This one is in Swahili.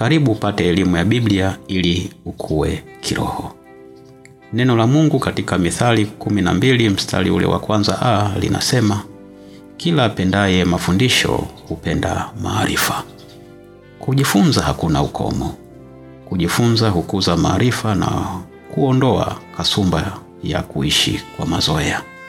Karibu upate elimu ya Biblia ili ukue kiroho. Neno la Mungu katika Mithali 12 mstari ule wa kwanza a linasema, kila apendaye mafundisho hupenda maarifa. Kujifunza hakuna ukomo. Kujifunza hukuza maarifa na kuondoa kasumba ya kuishi kwa mazoea.